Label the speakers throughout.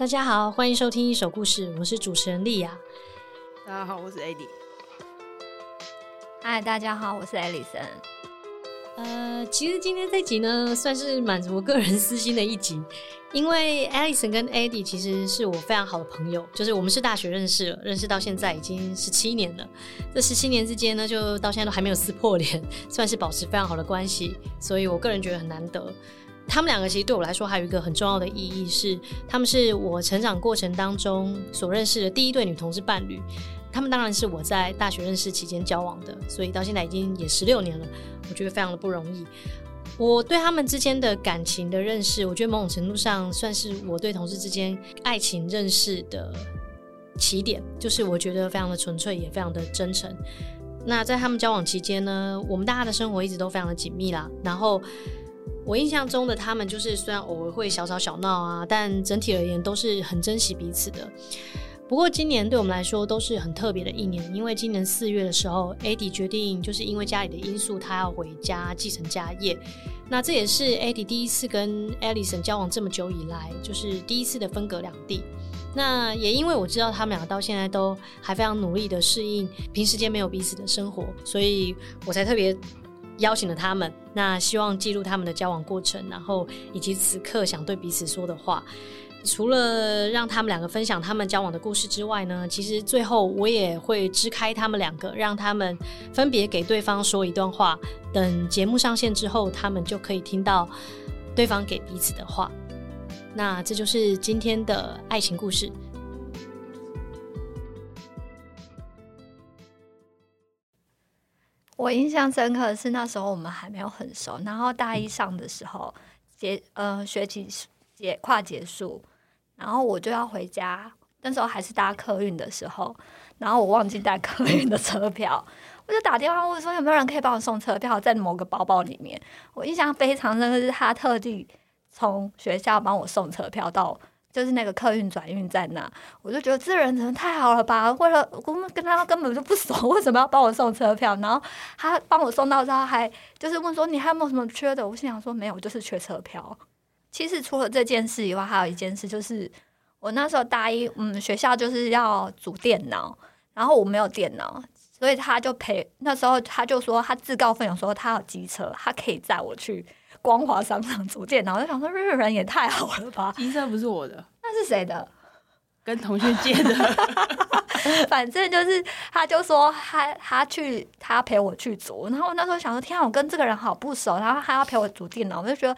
Speaker 1: 大家好，歡迎收聽《一手故事》，我是主持人莉雅。
Speaker 2: 大家好，我是 Eddie。
Speaker 3: 嗨，大家好，我是 Allison。呃，其實今天這集呢，算是滿足我個人
Speaker 1: 私心的一集，因為 Allison 跟 Eddie 其實是我非常好的朋友，就是我們是大學認識了，認識到現在已經十七年了。這十七年之間呢，就到現在都還沒有撕破臉，算是保持非常好的關係，所以我個人覺得很難得。他們兩個其實對我來說還有一個很重要的意義是，他們是我成長過程當中所認識的第一對女同志伴侶。他們當然是我在大學認識期間交往的，所以到現在已經也十六年了，我覺得非常的不容易。我對他們之間的感情的認識，我覺得某種程度上算是我對同志之間愛情認識的起點，就是我覺得非常的純粹，也非常的真誠。那在他們交往期間呢，我們大家的生活一直都非常的緊密啦，然後。我印象中的他們，就是雖然偶爾會小吵小鬧啊，但整體而言都是很珍惜彼此的。不過今年對我們來說都是很特別的一年，因為今年四月的時候 Eddie 決定就是因為家裡的因素，他要回家繼承家業。那這也是 Eddie 第一次跟 Allison 交往這麼久以來，就是第一次的分隔兩地。那也因為我知道他們倆到現在都還非常努力的適應平時間沒有彼此的生活，所以我才特別。邀請了他們，那希望記錄他們的交往過程，然後以及此刻想對彼此說的話。除了讓他們兩個分享他們交往的故事之外呢，其實最後我也會支開他們兩個，讓他們分別給對方說一段話。等節目上線之後，他們就可以聽到對方給彼此的話。那這就是今天的愛情故事。
Speaker 3: 我印象深刻的是，那時候我們還沒有很熟。然後大一上的時候，結呃學期結快結束，然後我就要回家。那時候還是搭客運的時候，然後我忘記帶客運的車票，我就打電話問說有沒有人可以幫我送車票，在某個包包裡面。我印象非常深刻的是，他特地從學校幫我送車票到。就是那個客運轉運站那，我就覺得這人真的太好了吧？為了我們跟他根本就不熟，為什麼要幫我送車票？然後他幫我送到之後，還就是問說你還有沒有什麼缺的？我心想說沒有，就是缺車票。其實除了這件事以外，還有一件事就是我那時候大一，嗯，學校就是要組電腦，然後我沒有電腦，所以他就陪，那時候他就說他自告奮勇說他有機車，他可以載我去。光華商場組建，然後就想說，日本人也太好了吧？金山不是我的，那是誰的？跟同學借的。 反正就是他，就說他他去他陪我去組，然後我那時候想說天啊，我跟這個人好不熟，然後他還要陪我組電腦，我就覺得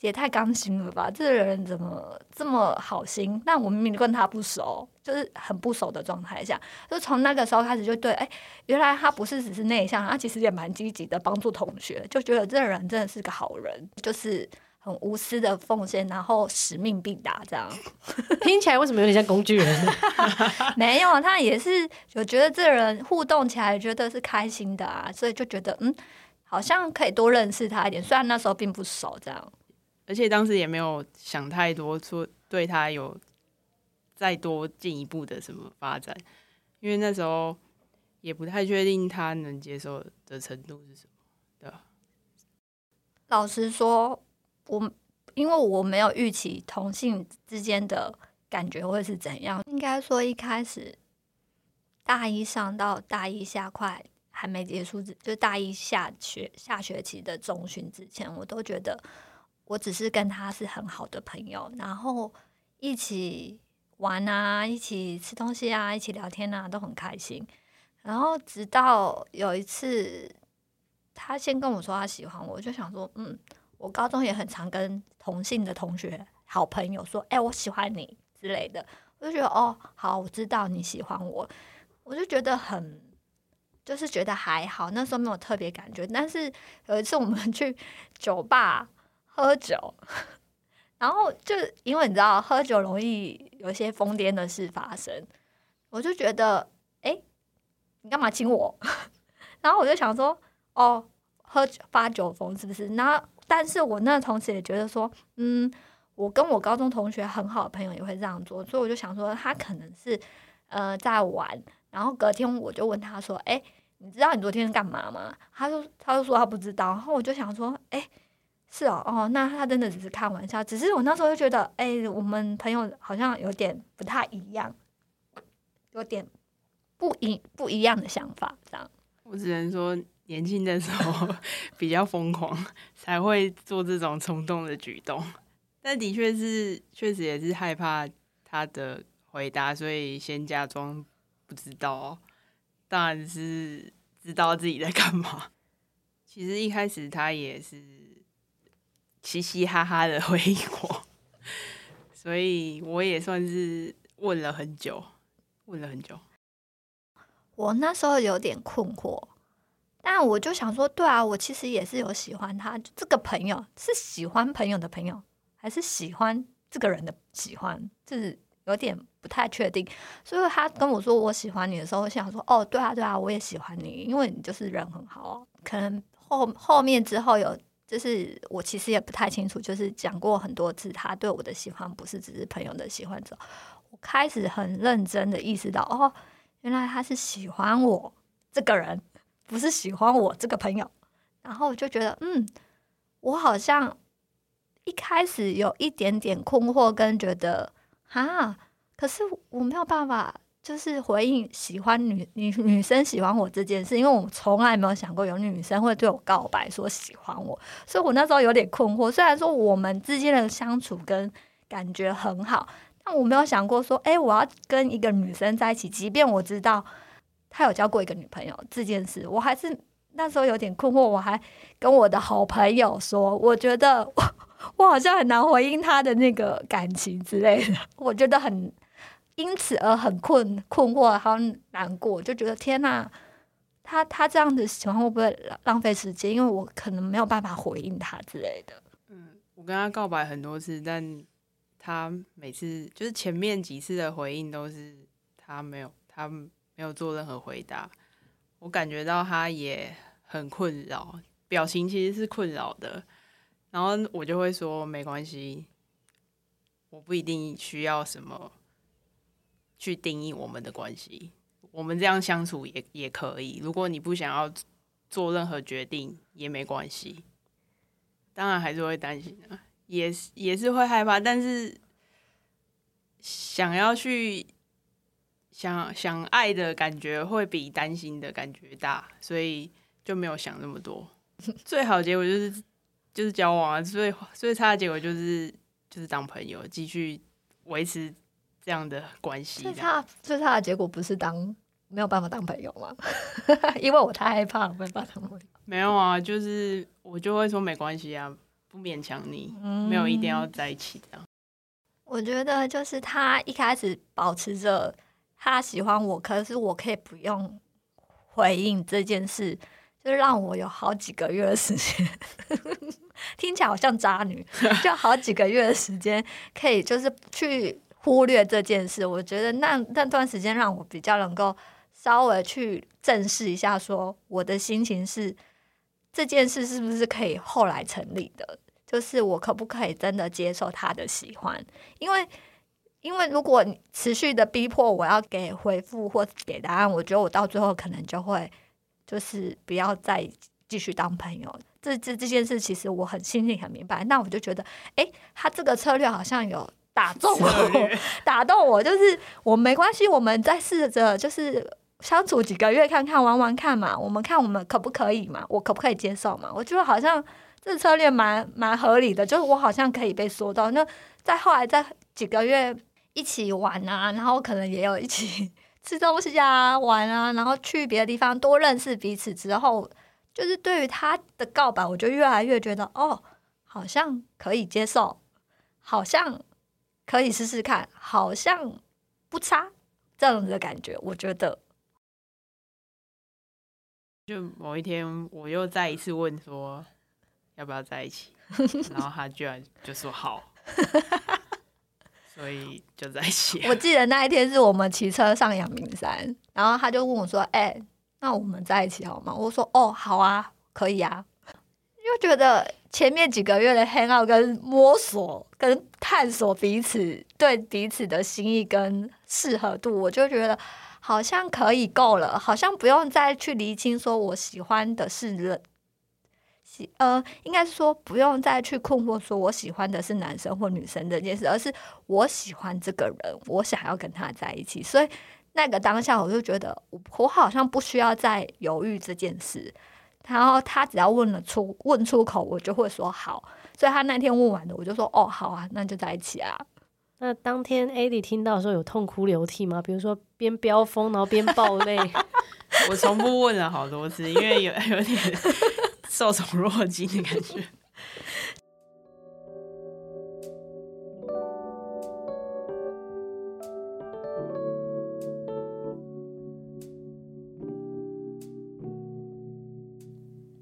Speaker 3: 也太剛心了吧？這個人怎麼這麼好心？那我明明跟他不熟，就是很不熟的狀態下，就從那個時候開始就對，欸，原來他不是只是內向，他其實也蠻積極的，幫助同學，就覺得這個人真的是個好人，就是。很無私的奉獻，然後使命必達，這樣
Speaker 1: 聽起來為什麼有點像工具人？
Speaker 3: 沒有，他也是，就覺得這人互動起來覺得是開心的啊，所以就覺得嗯，好像可以多認識他一點。雖然那時候並不熟，這樣，
Speaker 2: 而且當時也沒有想太多，說對他有再多進一步的什麼發展，因為那時候也不太確定他能接受的程度是什麼的。對，
Speaker 3: 老實說。我因為我沒有預期同性之間的感覺會是怎樣，應該說一開始大一上到大一下快還沒結束就大一下學下學期的中旬之前，我都覺得我只是跟他是很好的朋友，然後一起玩啊，一起吃東西啊，一起聊天啊，都很開心。然後直到有一次他先跟我說他喜歡我，我就想說，嗯。我高中也很常跟同性的同學、好朋友說：“哎、欸，我喜歡你之類的。”我就覺得哦，好，我知道你喜歡我，我就覺得很，就是覺得還好，那時候沒有特別感覺。但是有一次我們去酒吧喝酒，然後就因為你知道，喝酒容易有一些瘋癲的事發生，我就覺得哎、欸，你幹嘛親我？然後我就想說，哦，喝酒發酒瘋是不是？然後。但是我那同時也覺得說，嗯，我跟我高中同學很好的朋友也會這樣做，所以我就想說他可能是呃在玩。然後隔天我就問他說：“欸，你知道你昨天幹嘛嗎？”他說：“他就說他不知道。”然後我就想說：“欸，是哦，哦，那他真的只是開玩笑。只是我那時候就覺得，欸，我們朋友好像有點不太一樣，有點不一不一樣的想法這樣。”
Speaker 2: 我只能說。年輕的時候比較瘋狂，才會做這種衝動的舉動。但的確是，確實也是害怕他的回答，所以先假裝不知道。當然是知道自己在幹嘛。其實一開始他也是嘻嘻哈哈的回應我，所以我也算是問了很久，問了很久。
Speaker 3: 我那時候有點困惑。那我就想說，對啊，我其實也是有喜歡他這個朋友，是喜歡朋友的朋友，還是喜歡這個人的喜歡，就是有點不太確定。所以，他跟我說我喜歡你的時候，我想說，哦，對啊，對啊，我也喜歡你，因為你就是人很好。可能後後面之後有，就是我其實也不太清楚，就是講過很多次他對我的喜歡，不是只是朋友的喜歡之後，我開始很認真的意識到，哦，原來他是喜歡我這個人。不是喜歡我這個朋友，然後我就覺得，嗯，我好像一開始有一點點困惑，跟覺得啊，可是我沒有辦法，就是回應喜歡女女女生喜歡我這件事，因為我從來沒有想過有女生會對我告白說喜歡我，所以我那時候有點困惑。雖然說我們之間的相處跟感覺很好，但我沒有想過說，誒，我要跟一個女生在一起，即便我知道。他有交過一個女朋友這件事，我還是那時候有點困惑。我還跟我的好朋友說，我覺得我，我好像很難回應他的那個感情之類的。我覺得很因此而很困困惑，好難過，就覺得天吶、啊，他他這樣子喜歡會不會浪費時間？因為我可能沒有辦法回應他之類的。
Speaker 2: 嗯，我跟他告白很多次，但他每次就是前面幾次的回應都是他沒有他。沒有做任何回答，我感覺到他也很困擾，表情其實是困擾的。然後我就會說：“沒關係，我不一定需要什麼去定義我們的關係，我們這樣相處也也可以。如果你不想要做任何決定也沒關係，當然還是會擔心啊，也是也是會害怕，但是想要去。”想想愛的感覺會比擔心的感覺大，所以就沒有想那麼多。最好的結果就是就是交往啊，最最差的結果就是就是當朋友，繼續維持這樣的關係。最差
Speaker 3: 最差的結果不是當沒有辦法當朋友嗎？ 因為我太害怕了，沒有辦法當朋
Speaker 2: 友。沒有啊，就是我就會說沒關係啊，不勉強你，沒有一定要在一起這樣。
Speaker 3: 嗯，我覺得就是他一開始保持着。他喜歡我，可是我可以不用回應這件事，就讓我有好幾個月的時間， 聽起來好像渣女，就好幾個月的時間可以就是去忽略這件事。我覺得那那段時間讓我比較能夠稍微去正視一下，說我的心情是這件事是不是可以後來成立的，就是我可不可以真的接受他的喜歡？因為。因為如果你持續的逼迫我要給回復或給答案，我覺得我到最後可能就會就是不要再繼續當朋友。這這這件事，其實我很心裡很明白。那我就覺得，誒，他這個策略好像有打動我，打動我，就是我沒關係，我們再試着就是相處幾個月，看看玩玩看嘛，我們看我們可不可以嘛，我可不可以接受嘛？我覺得好像這個策略蠻蠻合理的，就是我好像可以被說到。那再後來在幾個月，一起玩啊，然後可能也有一起吃東西啊，玩啊，然後去別的地方多認識彼此之後，就是對於他的告白，我就越來越覺得哦，好像可以接受，好像可以試試看，好像不差，這樣子的感覺，我覺得。
Speaker 2: 就某一天，我又再一次問說，要不要在一起， 然後他居然就說好.。 所以就在一起。我記得那
Speaker 3: 一天是我們騎車上陽明山，然後他就問我說：“哎、欸，那我們在一起好嗎？”我說：“哦，好啊，可以啊。”又覺得前面幾個月的 hang out 跟摸索、跟探索彼此對彼此的心意跟適合度，我就覺得好像可以夠了，好像不用再去釐清說我喜歡的是人。喜呃、嗯，應該是說不用再去困惑，說我喜歡的是男生或女生這件事，而是我喜歡這個人，我想要跟他在一起。所以那個當下，我就覺得我，我好像不需要再猶豫這件事。然後他只要問了出問出口，我就會說好。所以他那天問完的，我就說哦好啊，那就在一起啊。
Speaker 1: 那當天 Eddie 聽到的時候有痛哭流涕嗎？比如說邊飆風，然後邊爆淚？
Speaker 2: 我重複問了好多次，因為有有點。 受寵若驚的感
Speaker 3: 覺。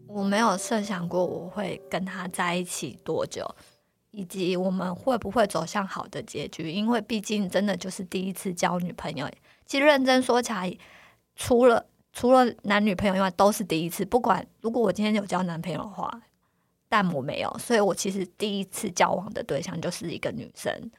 Speaker 3: 我沒有設想過我會跟他在一起多久，以及我們會不會走向好的結局。因為畢竟真的就是第一次交女朋友，其實認真說起來，除了。除了男女朋友以外，都是第一次。不管如果我今天有交男朋友的話，但我沒有，所以我其實第一次交往的對象就是一個女生。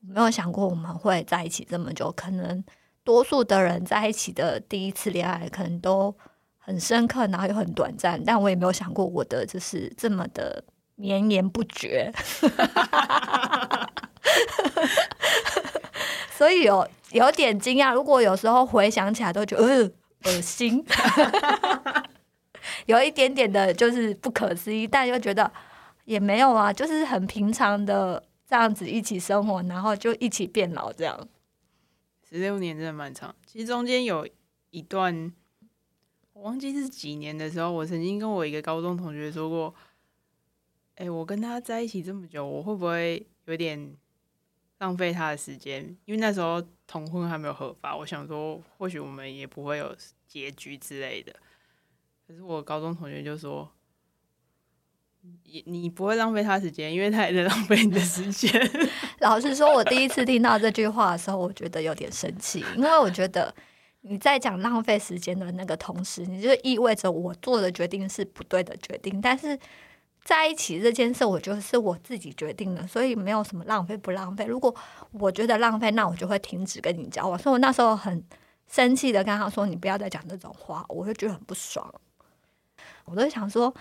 Speaker 3: 沒有想過我們會在一起這麼久。可能多數的人在一起的第一次戀愛，可能都很深刻，然後又很短暫。但我也沒有想過我的就是這麼的綿延不絕。 所以有有點驚訝。如果有時候回想起來，都覺得。呃惡噁心， 有一點點的，就是不可思議，但又覺得也沒有啊，就是很平常的這樣子一起生活，然後就一起變老這樣。
Speaker 2: 十六年真的蠻長的，其實中間有一段，我忘記是幾年的時候，我曾經跟我一個高中同學說過，哎、欸，我跟他在一起這麼久，我會不會有點？浪費他的時間，因為那時候同婚還沒有合法。我想說，或許我們也不會有結局之類的。可是我高中同學就說：“你你不會浪費他的時間，因為他也在浪費你的時間。”
Speaker 3: 老實說，我第一次聽到這句話的時候，我覺得有點生氣，因為我覺得你在講浪費時間的那個同時，你就意味着我做的決定是不對的決定。但是。在一起這件事，我覺得是我自己決定的，所以沒有什麼浪費不浪費。如果我覺得浪費，那我就會停止跟你交往。所以我那時候很生氣的跟他說：“你不要再講這種話。”我就覺得很不爽，我都想說：“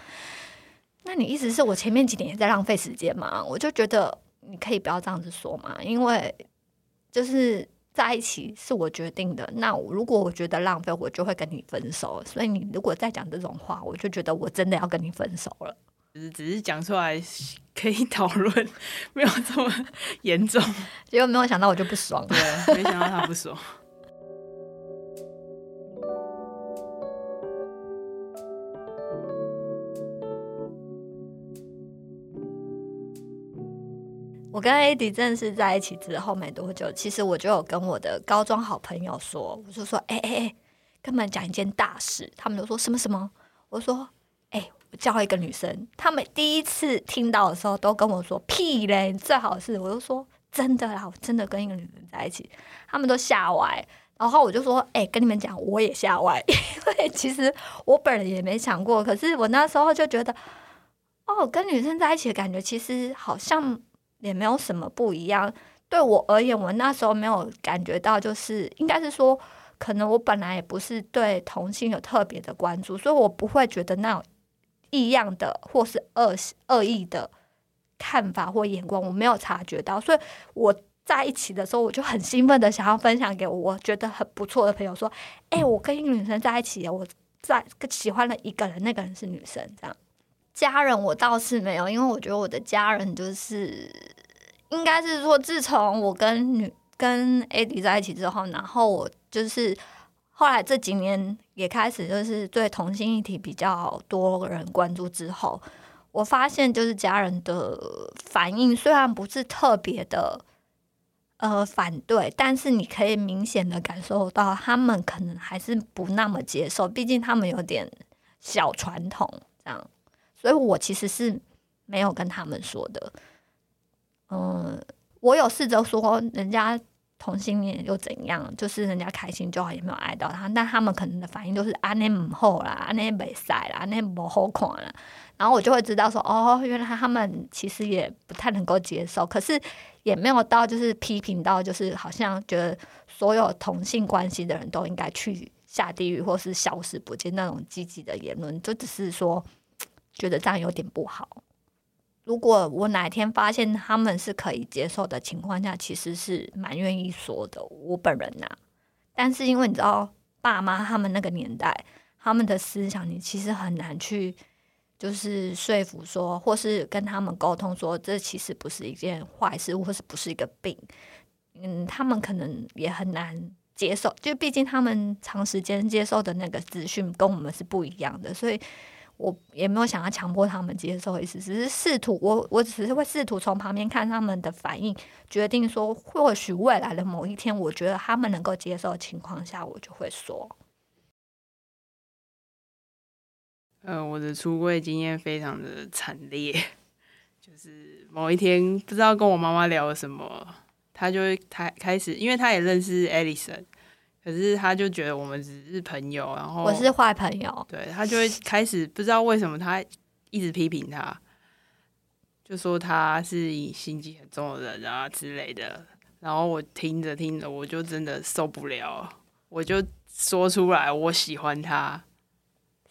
Speaker 3: 那你意思是我前面幾年也在浪費時間嗎？”我就覺得你可以不要這樣子說嘛，因為就是在一起是我決定的。那如果我覺得浪費，我就會跟你分手。所以你如果再講這種話，我就覺得我真的要
Speaker 2: 跟你分手了。只是講出來可以討論，沒有這麼嚴重。 結果沒有想到，我就不爽了。對，沒想到他不爽。
Speaker 3: 我跟 Eddie 正式在一起之後沒多久，其實我就有跟我的高中好朋友說，我就說：“哎哎哎，跟你們講一件大事。”他們就說：“什麼什麼？”我說：“哎、欸。”教一個女生，她們第一次聽到的時候，都跟我說“屁嘞”，最好是我就說“真的啦，我真的跟一個女生在一起”，他們都嚇歪。然後我就說：“誒、欸，跟你們講，我也嚇歪，因為其實我本人也沒想過。可是我那時候就覺得，哦，跟女生在一起的感覺其實好像也沒有什麼不一樣。對我而言，我那時候沒有感覺到，就是應該是說，可能我本來也不是對同性有特別的關注，所以我不會覺得那異樣的或是惡惡意的看法或眼光，我沒有察覺到，所以我在一起的時候，我就很興奮的想要分享給我，我覺得很不錯的朋友說：“哎、欸，我跟一個女生在一起，我在喜歡了一個人，那個人是女生。”這樣家人我倒是沒有，因為我覺得我的家人就是應該是說，自從我跟女跟 Eddie 在一起之後，然後我就是。後來這幾年也開始就是對同性議題比較多人關注之後，我發現就是家人的反應雖然不是特別的呃反對，但是你可以明顯的感受到他們可能還是不那麼接受，畢竟他們有點小傳統這樣，所以我其實是沒有跟他們說的。嗯、呃，我有試着說人家。同性戀又怎樣？就是人家開心就好，也沒有礙到他。但他們可能的反應就是啊，那不好啦，啊，那沒曬啦，啊，那不好看了。然後我就會知道說，哦，原來他們其實也不太能夠接受，可是也沒有到就是批評到，就是好像覺得所有同性關係的人都應該去下地獄或是消失不見那種積極的言論，就只是說覺得這樣有點不好。如果我哪天發現他們是可以接受的情況下，其實是蠻願意說的。我本人吶，但是因為你知道，爸媽他們那個年代，他們的思想你其實很難去就是說服說，或是跟他們溝通說，這其實不是一件壞事或是不是一個病。嗯，他們可能也很難接受，就畢竟他們長時間接受的那個資訊跟我們是不一樣的，所以。我也沒有想要強迫他們接受的意思，只是試圖我，我只是會試圖從旁邊看他們的反應，決定說或許未來的某一天，我覺得他們能夠接受的情況下，我就會說。嗯、
Speaker 2: 呃，我的出櫃經驗非常的慘烈，就是某一天不知道跟我媽媽聊了什麼，她就會開開始，因為她也認識 Allison。可是他就覺得我們只是朋友，然後我是
Speaker 3: 壞朋友，對，
Speaker 2: 他就會開始不知道為什麼他一直批評他，就說他是心機很重的人啊之類的。然後我聽着聽着，我就真的受不了了，我就說出來我喜歡他，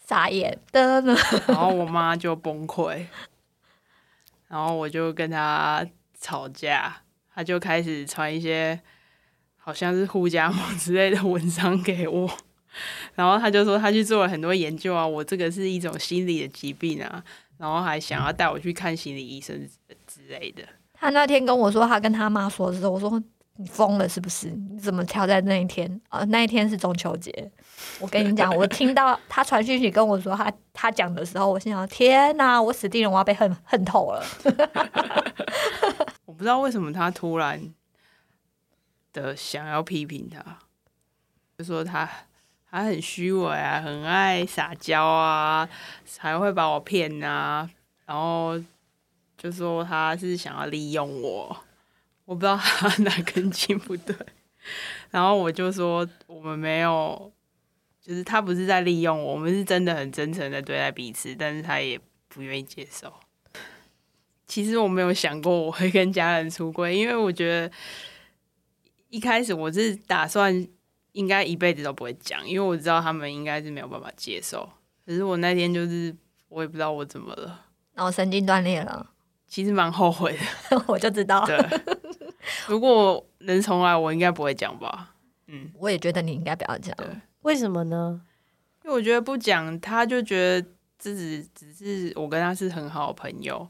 Speaker 2: 傻眼的呢。然後我媽就崩潰， 然後我就跟他吵架，他就開始傳一些。好像是護家盟之類的文章給我，然後他就說他去做了很多研究啊，我這個是一種心理的疾病啊，然後還想要帶我去看心理醫生之類的。
Speaker 3: 他那天跟我說，他跟他媽說的時候，我說你瘋了是不是？你怎麼挑在那一天啊、呃？那一天是中秋節。我跟你講，我聽到他傳訊息跟我說他他講的時候，我心想天吶、啊，我死定了，我要被恨恨透了。
Speaker 2: 我不知道為什麼他突然。的想要批評他，就說他他很虛偽啊，很愛撒嬌啊，還會把我騙啊，然後就說他是想要利用我，我不知道他哪根筋不對。 然後我就說我們沒有，就是他不是在利用我，我們是真的很真誠的對待彼此，但是他也不願意接受。其實我沒有想過我會跟家人出櫃，因為我覺得。一開始我是打算應該一輩子都不會講，因為我知道他們應該是沒有辦法接受。可是我那天就是我也不知道我怎麼了，然
Speaker 3: 後、哦、神經斷裂了。
Speaker 2: 其實蠻後悔的，
Speaker 3: 我就知道。對，
Speaker 2: 如果能重來，我應該不會講吧。嗯，
Speaker 3: 我也覺得你應該不要講。對為什麼呢？因為
Speaker 2: 我覺得不講，他就覺得自己只是我跟他是很好的朋友，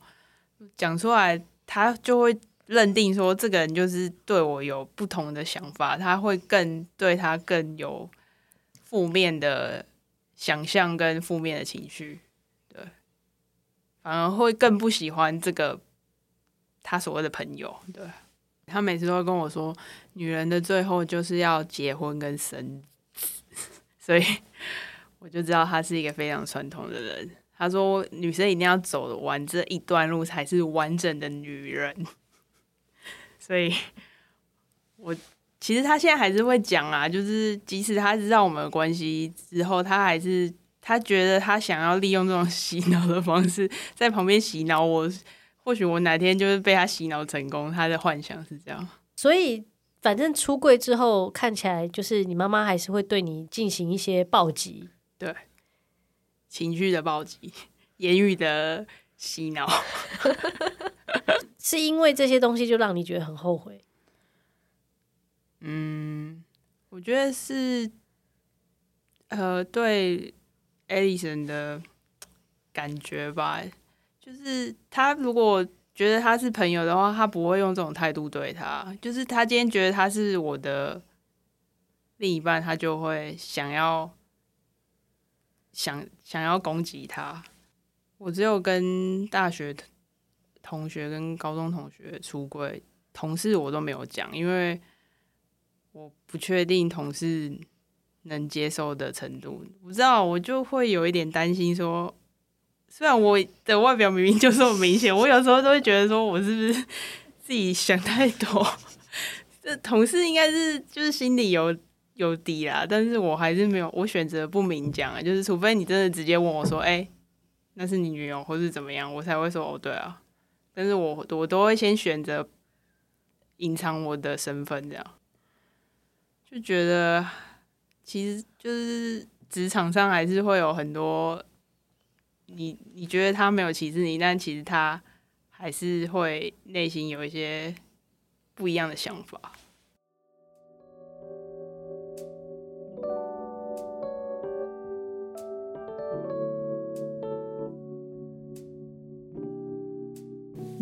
Speaker 2: 講出來他就會。認定說這個人就是對我有不同的想法，他會更對他更有負面的想象跟負面的情緒，對，反而會更不喜歡這個他所謂的朋友。對，他每次都會跟我說，女人的最後就是要結婚跟生子， 所以我就知道他是一個非常傳統的人。他說女生一定要走完這一段路才是完整的女人。所以，我其實他現在還是會講啊，就是即使他知道我們的關係之後，他還是他覺得他想要利用這種洗腦的方式，在旁邊洗腦我。或許我哪天就是被他洗腦成功，他的幻想是這樣。
Speaker 1: 所以，反正出櫃之後看起來，就是你媽媽還是會對你進行一些暴擊，
Speaker 2: 對，情緒的暴擊，言
Speaker 1: 語的洗腦。 是因為這些東西就讓你覺得很
Speaker 2: 後悔？嗯，我覺得是，呃，對 Allison 的感覺吧。就是他如果覺得他是朋友的話，他不會用這種態度對他。就是他今天覺得他是我的另一半，他就會想要想想要攻擊他。我只有跟大學。同學跟高中同學出櫃，同事我都沒有講，因為我不確定同事能接受的程度。不知道我就會有一點擔心說，說雖然我的外表明明就這麼明顯，我有時候都會覺得說我是不是自己想太多。這 同事應該是就是心裡有有底啦，但是我還是沒有，我選擇不明講啊，就是除非你真的直接問我說，哎、欸，那是你女友，或是怎麼樣，我才會說哦，對啊。但是我我都會先選擇隱藏我的身份，這樣就覺得，其實就是職場上還是會有很多你，你你覺得他沒有歧視你，但其實他還是會內心有一些不一樣的想法。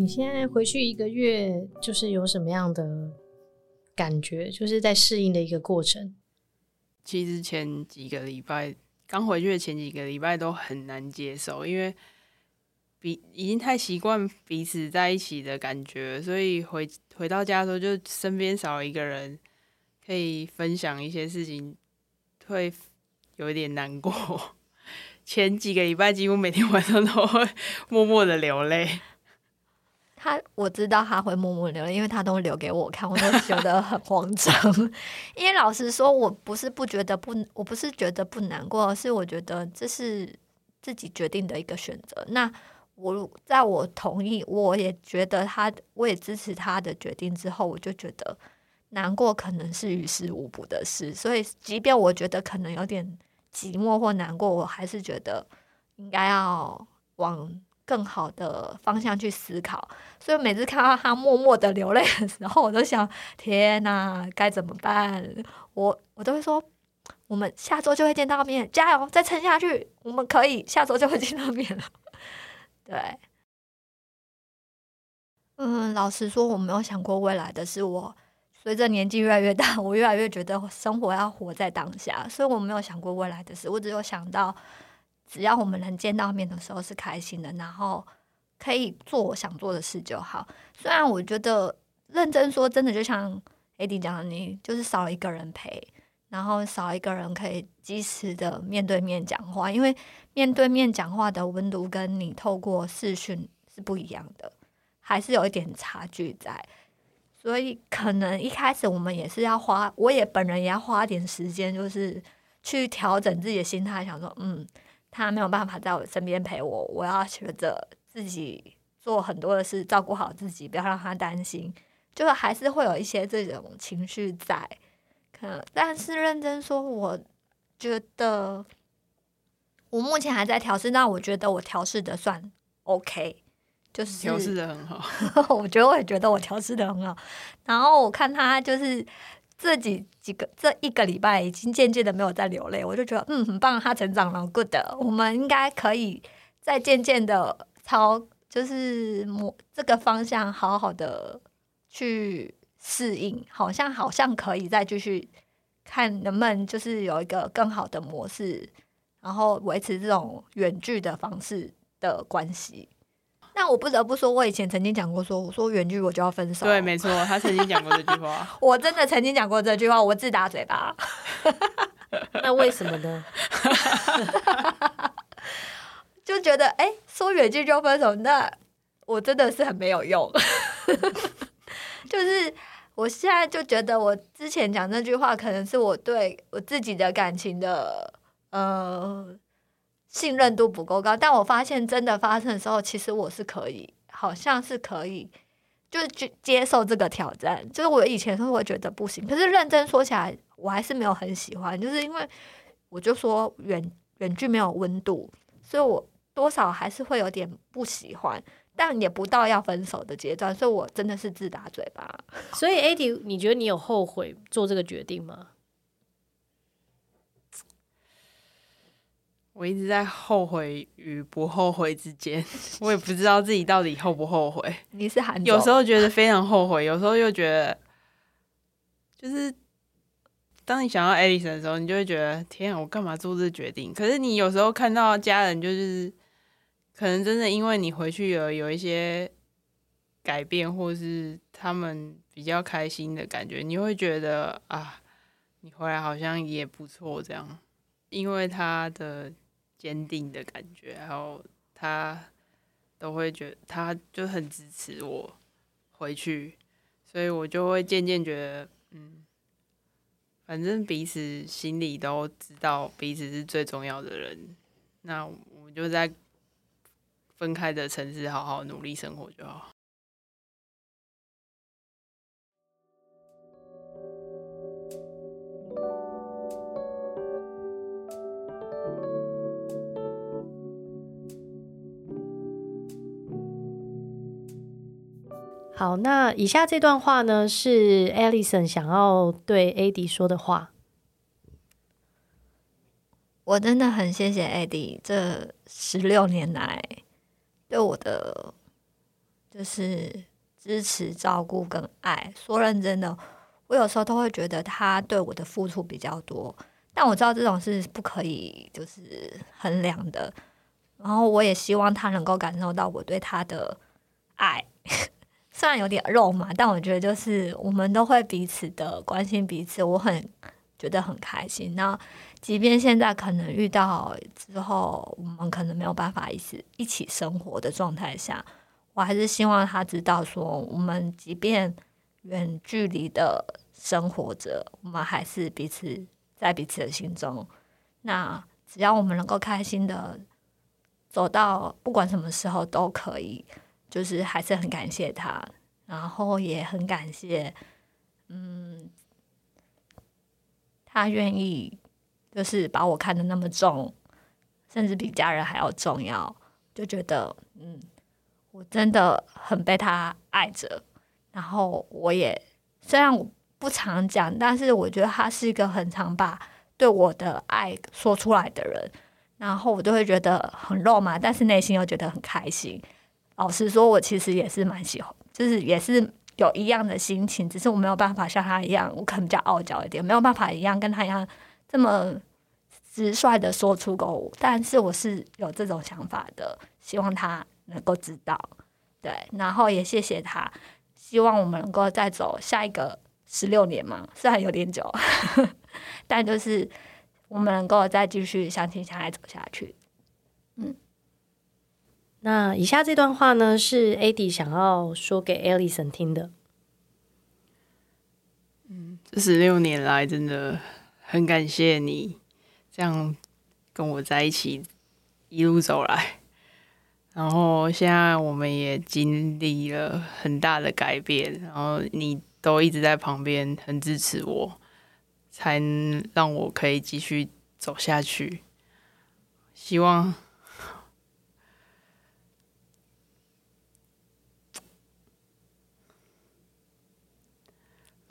Speaker 1: 你現在回去一個月，就是有什麼樣的感覺？就是在適應的一個過程。
Speaker 2: 其實前幾個禮拜剛回去的前幾個禮拜都很難接受，因為比已經太習慣彼此在一起的感覺，所以回回到家的時候，就身邊少一個人，可以分享一些事情，會有一點難過。前幾個禮拜幾乎每天晚上都會默默的流淚。
Speaker 3: 他我知道他會默默流淚，因為他都留給我看，我都覺得很慌張。 因為老實說，我不是不覺得不，我不是覺得不難過，而是我覺得這是自己決定的一個選擇。那我在我同意，我也覺得他，我也支持他的決定之後，我就覺得難過可能是於事無補的事。所以，即便我覺得可能有點寂寞或難過，我還是覺得應該要往。更好的方向去思考，所以每次看到他默默的流淚的時候，我都想：天哪，該怎麼辦？我我都會說：我們下周就會見到面，加油，再撐下去，我們可以下周就會見到面了。對，嗯，老實說，我沒有想過未來的事。我隨着年紀越來越大，我越來越覺得生活要活在當下，所以我沒有想過未來的事，我只有想到。只要我們能見到面的時候是開心的，然後可以做我想做的事就好。雖然我覺得認真說真的，就像 Eddie 講的，你就是少一個人陪，然後少一個人可以及時的面對面講話，因為面對面講話的溫度跟你透過視訊是不一樣的，還是有一點差距在。所以可能一開始我們也是要花，我也本人也要花一點時間，就是去調整自己的心態，想說嗯。他沒有辦法在我身邊陪我，我要學着自己做很多的事，照顧好自己，不要讓他擔心。就是還是會有一些這種情緒在，可但是認真說，我覺得我目前還在調適，但我覺得我調適的算 OK，就是調適的很好。 我覺得我也覺得我調適的很好。然後我看他就是。這幾幾個，這一個禮拜已經漸漸的沒有再流淚，我就覺得嗯，很棒，他成長了，good。我們應該可以再漸漸的朝就是模這個方向好好的去適應，好像好像可以再繼續看能不能就是有一個更好的模式，然後維持這種遠距的方式的關係。那，我不得不說，我以前曾經講過說，說我說遠距我就要分手。對，
Speaker 2: 沒錯，他曾經講過這句
Speaker 3: 話。 我真的曾經講過這句話，我自打嘴巴。
Speaker 1: 那為什麼
Speaker 3: 呢？ 就覺得哎、欸，說遠距就要分手，那我真的是很沒有用。 就是我現在就覺得，我之前講那句話，可能是我對我自己的感情的呃、信任度不夠高，但我發現真的發生的時候，其實我是可以，好像是可以，就是接接受這個挑戰。就是我以前時候我會覺得不行，可是認真說起來，我還是沒有很喜歡，就是因為我就說遠遠距沒有溫度，所以我多少還是會有點不喜歡，但也不到要分手的階段，所以我真的是自打嘴巴。所以 Eddie，你覺得你有後悔做這個決定嗎？
Speaker 2: 我一直在後悔與不後悔之間，我也不知道自己到底後不後悔。你是 有時候覺得非常後悔，有時候又覺得，就是當你想到艾莉森的時候，你就會覺得天，我幹嘛做這個決定？可是你有時候看到家人，就是可能真的因為你回去有有一些改變，或是他們比較開心的感覺，你會覺得啊，你回來好像也不錯這樣，因為他的。堅定的感覺，然後他都會覺得，他就很支持我回去，所以我就會漸漸覺得，嗯，反正彼此心裡都知道彼此是最重要的人，那我們就在分開的城市好好努力生活就好。
Speaker 1: 好，那以下這段話呢
Speaker 3: 是 Allison 想要對 Eddie 說的話。我真的很謝謝 Eddie 這十六年來對我的就是支持、照顧跟愛。說認真的，我有時候都會覺得他對我的付出比較多，但我知道這種是不可以就是衡量的。然後我也希望他能夠感受到我對他的愛。雖然有點肉麻，但我覺得就是我們都會彼此的關心彼此，我很覺得很開心。那即便現在可能遇到之後，我們可能沒有辦法一起一起生活的狀態下，我還是希望他知道說，我們即便遠距離的生活着，我們還是彼此在彼此的心中。那只要我們能夠開心的走到，不管什麼時候都可以。就是還是很感謝他，然後也很感謝，嗯，他願意就是把我看得那麼重，甚至比家人還要重要，就覺得嗯，我真的很被他愛着。然後我也雖然我不常講，但是我覺得他是一個很常把對我的愛說出來的人。然後我就會覺得很肉麻，但是內心又覺得很開心。老實說，我其實也是蠻喜歡，就是也是有一樣的心情，只是我沒有辦法像他一樣，我可能比較傲嬌一點，沒有辦法一樣跟他一樣這麼直率的說出口。但是我是有這種想法的，希望他能夠知道，對，然後也謝謝他，希望我們能夠再走下一個十六年嘛，雖然有點久，呵呵，但就是我們能夠再繼續相親相愛走下去，嗯。那
Speaker 1: 以下這段話呢，是 Eddie 想要說給 Allison 聽的。嗯，
Speaker 2: 這十六年來真的很感謝你，這樣跟我在一起一路走來。然後現在我們也經歷了很大的改變，然後你都一直在旁邊很支持我，才讓我可以繼續走下去。希望。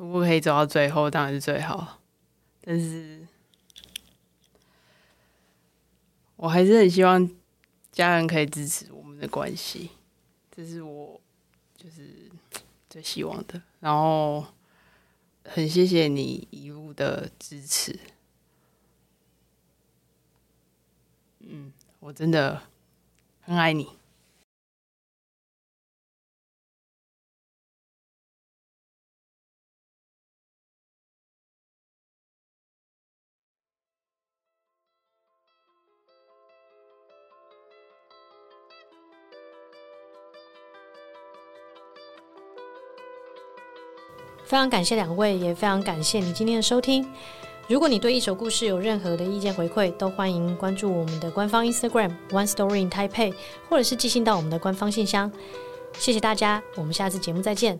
Speaker 2: 如果可以走到最後，當然是最好。但是，我還是很希望家人可以支持我們的關係，這是我就是最希望的。然後，很謝謝你一路的支持。嗯，我真的很愛你。
Speaker 1: 非常感謝兩位，也非常感謝你今天的收聽。如果你對一手故事有任何的意見回饋，都歡迎關注我們的官方 Instagram One Story in Taipei，或者是寄信到我們的官方信箱。謝謝大家，我們下次節目再見。